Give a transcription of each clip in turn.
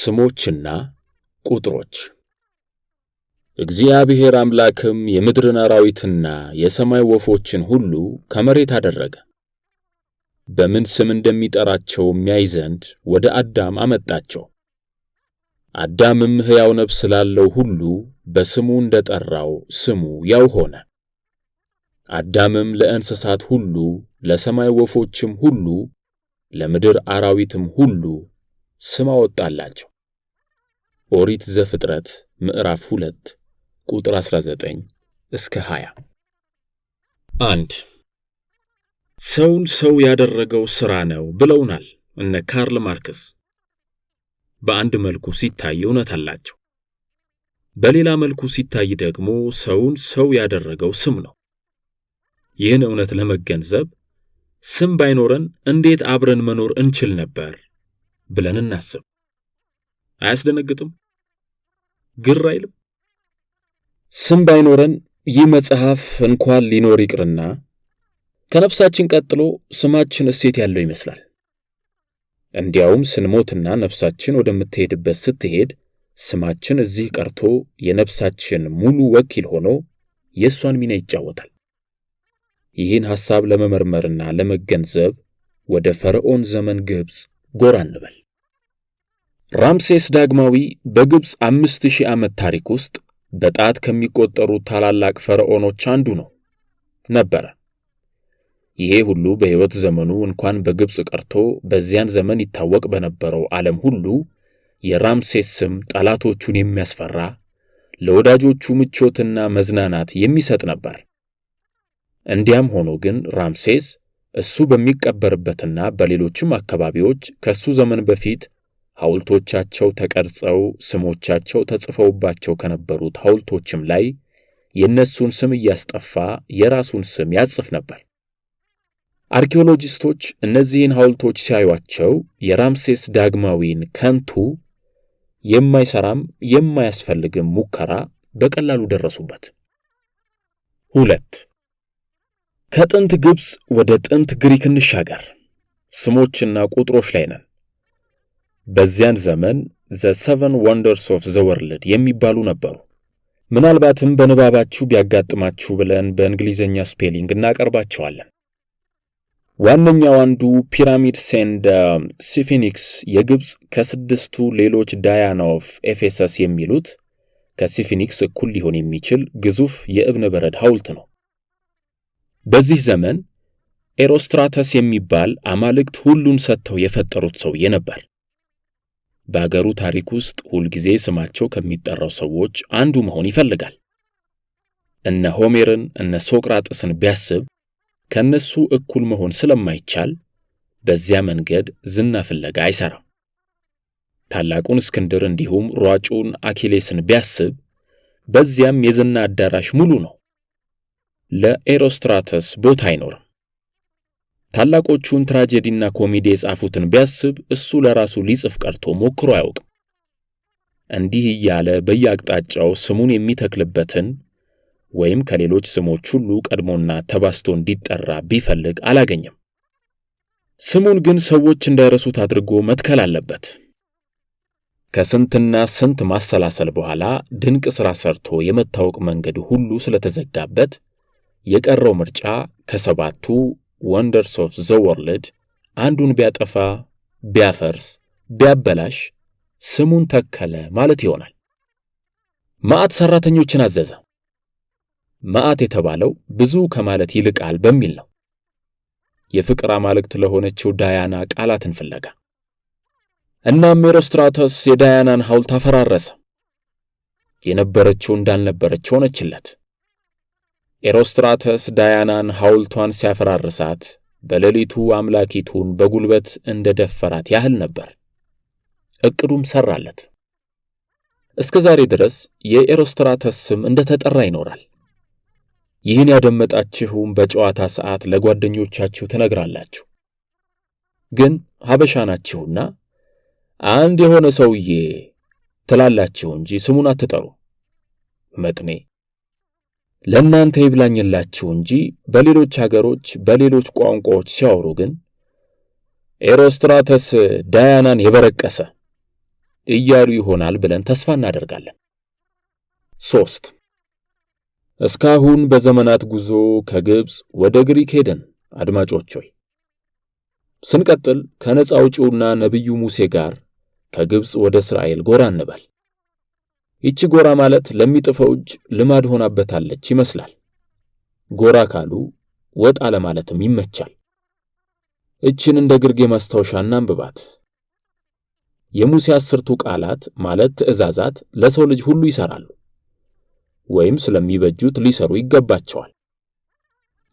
ስሞችና ቁጥሮች እግዚአብሔር አምላክም የምድርን አራዊትና የሰማይ ወፎችን ሁሉ ከመሬት አደረገ፣ በምን ስም እንደሚጠራቸው የሚያይ ዘንድ ወደ አዳም አመጣቸው። አዳምም ሕያው ነፍስ ላለው ሁሉ በስሙ እንደጠራው ስሙ ያው ሆነ። አዳምም ለእንስሳት ሁሉ፣ ለሰማይ ወፎችም ሁሉ፣ ለምድር አራዊትም ሁሉ ስም አወጣላቸው። ኦሪት ዘፍጥረት ምዕራፍ 2 ቁጥር 19 እስከ 20። አንድ ሰውን ሰው ያደረገው ሥራ ነው ብለውናል እነ ካርል ማርክስ። በአንድ መልኩ ሲታይ እውነት አላቸው። በሌላ መልኩ ሲታይ ደግሞ ሰውን ሰው ያደረገው ስም ነው። ይህን እውነት ለመገንዘብ ስም ባይኖረን እንዴት አብረን መኖር እንችል ነበር ብለን እናስብ። አያስደነግጥም? ግር አይልም? ስም ባይኖረን ይህ መጽሐፍ እንኳን ሊኖር ይቅርና ከነፍሳችን ቀጥሎ ስማችን እሴት ያለው ይመስላል። እንዲያውም ስንሞትና ነፍሳችን ወደምትሄድበት ስትሄድ ስማችን እዚህ ቀርቶ የነፍሳችን ሙሉ ወኪል ሆኖ የእሷን ሚና ይጫወታል። ይህን ሐሳብ ለመመርመርና ለመገንዘብ ወደ ፈርዖን ዘመን ግብፅ ጎራ እንበል። ራምሴስ ዳግማዊ በግብፅ አምስት ሺህ ዓመት ታሪክ ውስጥ በጣት ከሚቆጠሩ ታላላቅ ፈርዖኖች አንዱ ነው ነበረ። ይሄ ሁሉ በሕይወት ዘመኑ እንኳን በግብፅ ቀርቶ በዚያን ዘመን ይታወቅ በነበረው ዓለም ሁሉ የራምሴስ ስም ጠላቶቹን የሚያስፈራ ለወዳጆቹ ምቾትና መዝናናት የሚሰጥ ነበር። እንዲያም ሆኖ ግን ራምሴስ እሱ በሚቀበርበትና በሌሎችም አካባቢዎች ከሱ ዘመን በፊት ሐውልቶቻቸው ተቀርጸው ስሞቻቸው ተጽፈውባቸው ከነበሩት ሐውልቶችም ላይ የእነሱን ስም እያስጠፋ የራሱን ስም ያጽፍ ነበር። አርኪኦሎጂስቶች እነዚህን ሐውልቶች ሲያዩቸው የራምሴስ ዳግማዊን ከንቱ የማይሰራም የማያስፈልግም ሙከራ በቀላሉ ደረሱበት። ሁለት ከጥንት ግብፅ ወደ ጥንት ግሪክ እንሻገር። ስሞችና ቁጥሮች ላይ ነን። በዚያን ዘመን ዘ ሰቨን ወንደርስ ኦፍ ዘ ወርልድ የሚባሉ ነበሩ። ምናልባትም በንባባችሁ ቢያጋጥማችሁ ብለን በእንግሊዝኛ ስፔሊንግ እናቀርባቸዋለን። ዋነኛው አንዱ ፒራሚድ ኤንድ ሲፊኒክስ የግብፅ ከስድስቱ ሌሎች ዳያና ኦፍ ኤፌሰስ የሚሉት ከሲፊኒክስ እኩል ሊሆን የሚችል ግዙፍ የእብነ በረድ ሐውልት ነው። በዚህ ዘመን ኤሮስትራተስ የሚባል አማልክት ሁሉን ሰጥተው የፈጠሩት ሰውዬ ነበር። በአገሩ ታሪክ ውስጥ ሁልጊዜ ስማቸው ከሚጠራው ሰዎች አንዱ መሆን ይፈልጋል። እነ ሆሜርን እነ ሶቅራጥስን ቢያስብ ከእነሱ እኩል መሆን ስለማይቻል በዚያ መንገድ ዝና ፍለጋ አይሠራም። ታላቁን እስክንድር እንዲሁም ሯጩን አኪሌስን ቢያስብ በዚያም የዝና አዳራሽ ሙሉ ነው። ለኤሮስትራተስ ቦታ አይኖርም። ታላቆቹን ትራጀዲና ኮሜዲ የጻፉትን ቢያስብ እሱ ለራሱ ሊጽፍ ቀርቶ ሞክሮ አያውቅም። እንዲህ እያለ በየአቅጣጫው ስሙን የሚተክልበትን ወይም ከሌሎች ስሞች ሁሉ ቀድሞና ተባስቶ እንዲጠራ ቢፈልግ አላገኘም። ስሙን ግን ሰዎች እንዳይረሱት አድርጎ መትከል አለበት። ከስንትና ስንት ማሰላሰል በኋላ ድንቅ ሥራ ሰርቶ የመታወቅ መንገድ ሁሉ ስለተዘጋበት የቀረው ምርጫ ከሰባቱ ወንደርስ ኦፍ ዘ ወርልድ አንዱን ቢያጠፋ ቢያፈርስ ቢያበላሽ ስሙን ተከለ ማለት ይሆናል። መዓት ሠራተኞችን አዘዘ። መዓት የተባለው ብዙ ከማለት ይልቃል በሚል ነው። የፍቅር አማልክት ለሆነችው ዳያና ቃላትን ፍለጋ። እናም ኤሮስትራተስ የዳያናን ሐውልት አፈራረሰ፣ የነበረችው እንዳልነበረች ሆነችለት። ኤሮስትራተስ ዳያናን ሐውልቷን ሲያፈራርሳት በሌሊቱ አምላኪቱን በጉልበት እንደ ደፈራት ያህል ነበር። እቅዱም ሠራለት። እስከ ዛሬ ድረስ የኤሮስትራተስ ስም እንደ ተጠራ ይኖራል። ይህን ያደመጣችሁም በጨዋታ ሰዓት ለጓደኞቻችሁ ትነግራላችሁ። ግን ሀበሻ ናችሁና አንድ የሆነ ሰውዬ ትላላችሁ እንጂ ስሙን አትጠሩ። መጥኔ ለእናንተ ይብላኝላችሁ እንጂ በሌሎች አገሮች በሌሎች ቋንቋዎች ሲያወሩ ግን ኤሮስትራተስ ዳያናን የበረቀሰ እያሉ ይሆናል ብለን ተስፋ እናደርጋለን። ሶስት እስካሁን በዘመናት ጉዞ ከግብፅ ወደ ግሪክ ሄደን አድማጮች ሆይ ስንቀጥል ከነፃ አውጪውና ነቢዩ ሙሴ ጋር ከግብፅ ወደ እስራኤል ጎራ እንበል። ይቺ ጎራ ማለት ለሚጥፈው እጅ ልማድ ሆናበታለች ይመስላል። ጎራ ካሉ ወጣ ለማለትም ይመቻል። እችን እንደ ግርጌ ማስታወሻ አንብባት። የሙሴ አስርቱ ቃላት ማለት ትእዛዛት ለሰው ልጅ ሁሉ ይሰራሉ ወይም ስለሚበጁት ሊሰሩ ይገባቸዋል።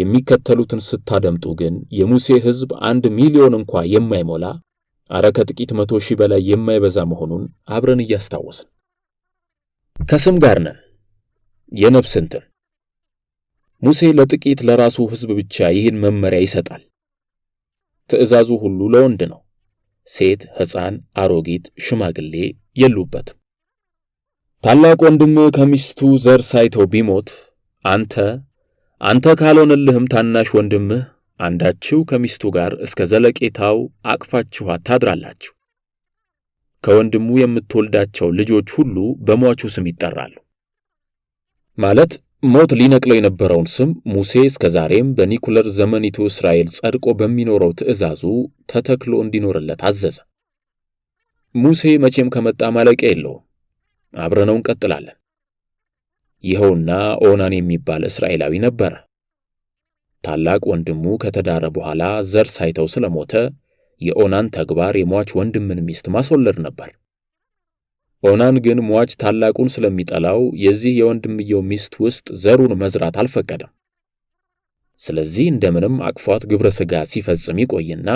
የሚከተሉትን ስታደምጡ ግን የሙሴ ሕዝብ አንድ ሚሊዮን እንኳ የማይሞላ አረ ከጥቂት መቶ ሺህ በላይ የማይበዛ መሆኑን አብረን እያስታወስን ከስም ጋር ነን የነፍስ እንትን ሙሴ ለጥቂት ለራሱ ሕዝብ ብቻ ይህን መመሪያ ይሰጣል። ትእዛዙ ሁሉ ለወንድ ነው። ሴት፣ ሕፃን፣ አሮጊት፣ ሽማግሌ የሉበትም። ታላቅ ወንድምህ ከሚስቱ ዘር ሳይተው ቢሞት አንተ አንተ ካልሆነልህም ታናሽ ወንድምህ አንዳችሁ ከሚስቱ ጋር እስከ ዘለቄታው አቅፋችሁ ታድራላችሁ። ከወንድሙ የምትወልዳቸው ልጆች ሁሉ በሟቹ ስም ይጠራሉ። ማለት ሞት ሊነቅለው የነበረውን ስም ሙሴ እስከ ዛሬም በኒኩለር ዘመኒቱ እስራኤል ጸድቆ በሚኖረው ትእዛዙ ተተክሎ እንዲኖርለት አዘዘ። ሙሴ መቼም ከመጣ ማለቂያ የለውም። አብረነው እንቀጥላለን። ይኸውና ኦናን የሚባል እስራኤላዊ ነበረ። ታላቅ ወንድሙ ከተዳረ በኋላ ዘር ሳይተው ስለሞተ የኦናን ተግባር የሟች ወንድምን ሚስት ማስወለድ ነበር። ኦናን ግን ሟች ታላቁን ስለሚጠላው የዚህ የወንድምየው ሚስት ውስጥ ዘሩን መዝራት አልፈቀደም። ስለዚህ እንደምንም አቅፏት ግብረ ሥጋ ሲፈጽም ይቆይና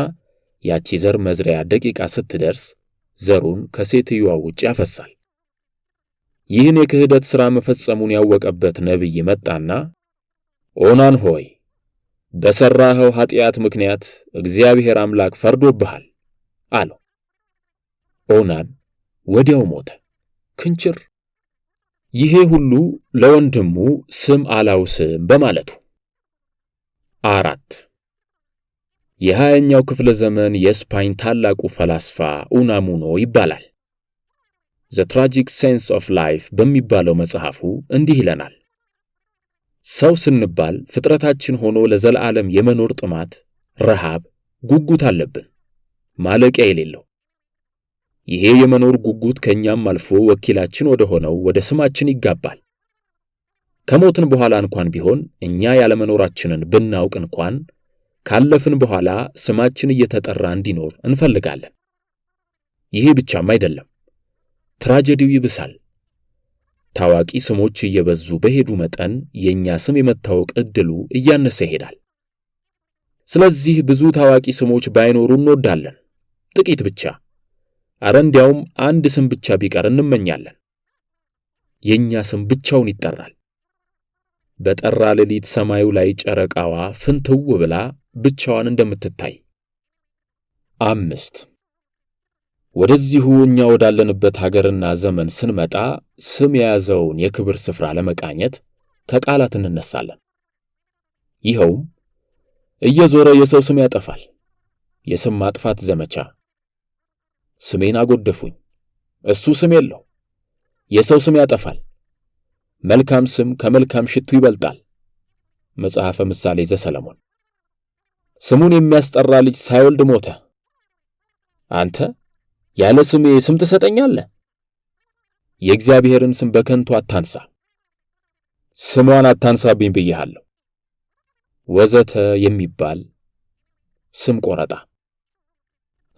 ያቺ ዘር መዝሪያ ደቂቃ ስትደርስ ዘሩን ከሴትዮዋ ውጭ ያፈሳል። ይህን የክህደት ሥራ መፈጸሙን ያወቀበት ነቢይ መጣና ኦናን ሆይ በሠራኸው ኃጢአት ምክንያት እግዚአብሔር አምላክ ፈርዶብሃል አለው። ኦናን ወዲያው ሞተ ክንችር። ይሄ ሁሉ ለወንድሙ ስም አላውስም በማለቱ። አራት የሃያኛው ክፍለ ዘመን የስፓኝ ታላቁ ፈላስፋ ኡናሙኖ ይባላል። ዘ ትራጂክ ሴንስ ኦፍ ላይፍ በሚባለው መጽሐፉ እንዲህ ይለናል። ሰው ስንባል ፍጥረታችን ሆኖ ለዘላለም የመኖር ጥማት፣ ረሃብ፣ ጉጉት አለብን፣ ማለቂያ የሌለው። ይሄ የመኖር ጉጉት ከእኛም አልፎ ወኪላችን ወደ ሆነው ወደ ስማችን ይጋባል። ከሞትን በኋላ እንኳን ቢሆን እኛ ያለመኖራችንን ብናውቅ እንኳን ካለፍን በኋላ ስማችን እየተጠራ እንዲኖር እንፈልጋለን። ይሄ ብቻም አይደለም፣ ትራጀዲው ይብሳል። ታዋቂ ስሞች እየበዙ በሄዱ መጠን የእኛ ስም የመታወቅ ዕድሉ እያነሰ ይሄዳል። ስለዚህ ብዙ ታዋቂ ስሞች ባይኖሩ እንወዳለን፣ ጥቂት ብቻ። አረ እንዲያውም አንድ ስም ብቻ ቢቀር እንመኛለን። የእኛ ስም ብቻውን ይጠራል። በጠራ ሌሊት ሰማዩ ላይ ጨረቃዋ ፍንትው ብላ ብቻዋን እንደምትታይ። አምስት ወደዚሁ እኛ ወዳለንበት ሀገርና ዘመን ስንመጣ ስም የያዘውን የክብር ስፍራ ለመቃኘት ከቃላት እንነሳለን። ይኸውም እየዞረ የሰው ስም ያጠፋል፣ የስም ማጥፋት ዘመቻ፣ ስሜን አጎደፉኝ፣ እሱ ስም የለው፣ የሰው ስም ያጠፋል፣ መልካም ስም ከመልካም ሽቱ ይበልጣል። መጽሐፈ ምሳሌ ዘሰለሞን። ስሙን የሚያስጠራ ልጅ ሳይወልድ ሞተ። አንተ ያለ ስሜ ስም ትሰጠኛለህ? የእግዚአብሔርን ስም በከንቱ አታንሳ፣ ስሟን አታንሳብኝ ብዬሃለሁ፣ ወዘተ የሚባል ስም ቆረጣ።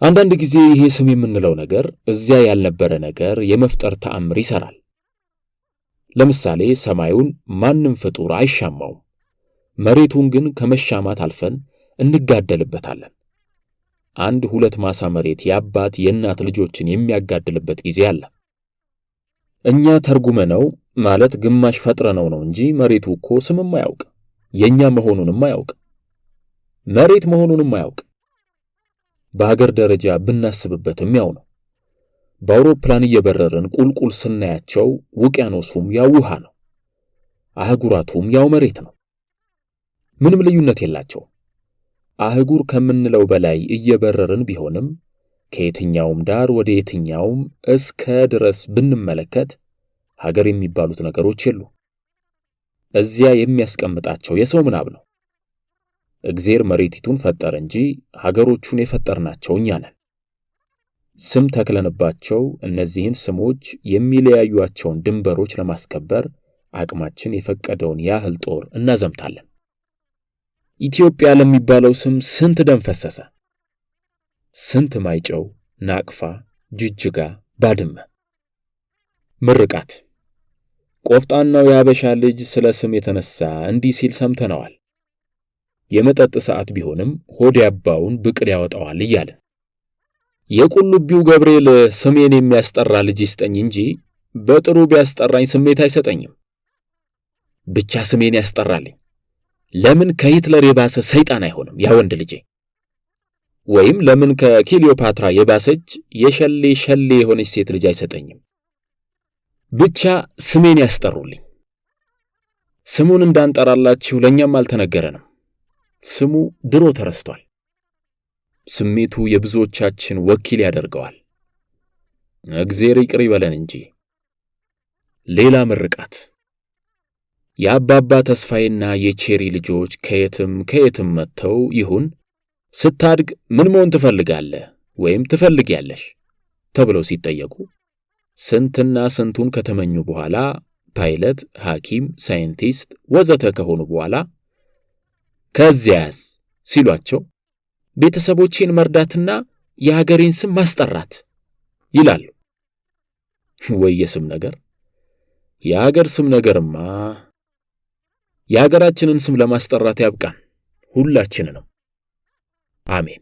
አንዳንድ ጊዜ ይሄ ስም የምንለው ነገር እዚያ ያልነበረ ነገር የመፍጠር ተአምር ይሰራል። ለምሳሌ ሰማዩን ማንም ፍጡር አይሻማውም፣ መሬቱን ግን ከመሻማት አልፈን እንጋደልበታለን። አንድ ሁለት ማሳ መሬት የአባት የእናት ልጆችን የሚያጋድልበት ጊዜ አለ። እኛ ተርጉመነው ማለት ግማሽ ፈጥረነው ነው እንጂ መሬቱ እኮ ስምም አያውቅ፣ የኛ መሆኑንም አያውቅ፣ መሬት መሆኑንም አያውቅ። በሀገር ደረጃ ብናስብበትም ያው ነው። በአውሮፕላን እየበረርን ቁልቁል ስናያቸው ውቅያኖሱም ያው ውሃ ነው፣ አህጉራቱም ያው መሬት ነው። ምንም ልዩነት የላቸው። አህጉር ከምንለው በላይ እየበረርን ቢሆንም ከየትኛውም ዳር ወደ የትኛውም እስከ ድረስ ብንመለከት ሀገር የሚባሉት ነገሮች የሉ። እዚያ የሚያስቀምጣቸው የሰው ምናብ ነው። እግዜር መሬቲቱን ፈጠረ እንጂ ሀገሮቹን የፈጠርናቸው እኛ ነን። ስም ተክለንባቸው እነዚህን ስሞች የሚለያዩቸውን ድንበሮች ለማስከበር አቅማችን የፈቀደውን ያህል ጦር እናዘምታለን። ኢትዮጵያ ለሚባለው ስም ስንት ደም ፈሰሰ? ስንት ማይጨው፣ ናቅፋ፣ ጅጅጋ፣ ባድመ። ምርቃት ቆፍጣናው የሀበሻ ልጅ ስለ ስም የተነሳ እንዲህ ሲል ሰምተነዋል። የመጠጥ ሰዓት ቢሆንም ሆድ ያባውን ብቅል ያወጣዋል እያለ። የቁልቢው ገብርኤል ስሜን የሚያስጠራ ልጅ ይስጠኝ እንጂ በጥሩ ቢያስጠራኝ ስሜት አይሰጠኝም። ብቻ ስሜን ያስጠራልኝ። ለምን ከሂትለር የባሰ ሰይጣን አይሆንም ያ ወንድ ልጄ? ወይም ለምን ከኪሊዮፓትራ የባሰች የሸሌ ሸሌ የሆነች ሴት ልጅ አይሰጠኝም? ብቻ ስሜን ያስጠሩልኝ። ስሙን እንዳንጠራላችሁ ለእኛም አልተነገረንም። ስሙ ድሮ ተረስቷል። ስሜቱ የብዙዎቻችን ወኪል ያደርገዋል። እግዜር ይቅር ይበለን እንጂ ሌላ ምርቃት የአባባ ተስፋዬና የቼሪ ልጆች ከየትም ከየትም መጥተው ይሁን ስታድግ ምን መሆን ትፈልጋለህ ወይም ትፈልጊያለሽ ተብለው ሲጠየቁ ስንትና ስንቱን ከተመኙ በኋላ ፓይለት፣ ሐኪም፣ ሳይንቲስት ወዘተ ከሆኑ በኋላ ከዚያስ ሲሏቸው ቤተሰቦቼን መርዳትና የሀገሬን ስም ማስጠራት ይላሉ። ወይ የስም ነገር የሀገር ስም ነገርማ የሀገራችንን ስም ለማስጠራት ያብቃን ሁላችንንም። አሜን።